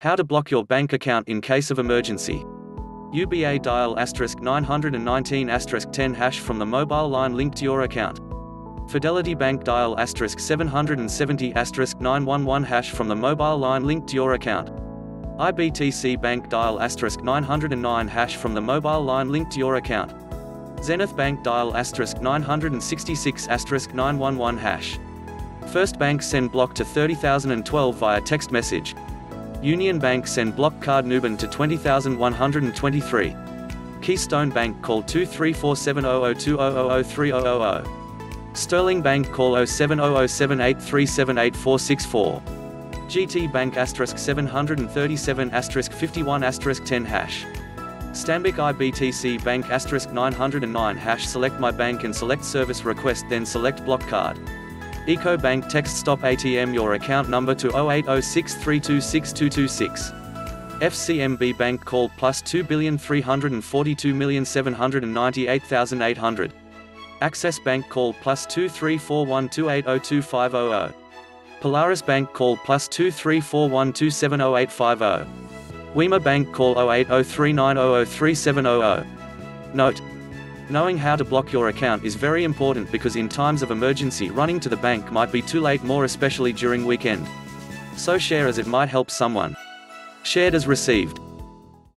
How to block your bank account in case of emergency. UBA dial asterisk 919 asterisk 10 hash from the mobile line linked to your account. Fidelity Bank dial asterisk 770 asterisk 911 hash from the mobile line linked to your account. IBTC Bank dial asterisk 909 hash from the mobile line linked to your account. Zenith Bank dial asterisk 966 asterisk 911 hash. First Bank send block to 30012 via text message. Union Bank send block card Nuban to 20123. Keystone Bank call 23470020003000. Sterling Bank call 070078378464. GT Bank asterisk 737 asterisk 51 asterisk 10 hash. Stanbic IBTC Bank asterisk 909 hash select my bank and select service request then select block card. EcoBank text stop ATM your account number to 0806326226. FCMB Bank call plus plus two billion three hundred and forty two million seven hundred and ninety eight thousand eight hundred. Access Bank call plus 2341280250. Polaris Bank call plus 2341270850. Wima Bank call 080390037000. Note, Knowing how to block your account is very important because in times of emergency running to the bank might be too late more especially during weekend. So share as it might help someone. Shared as received.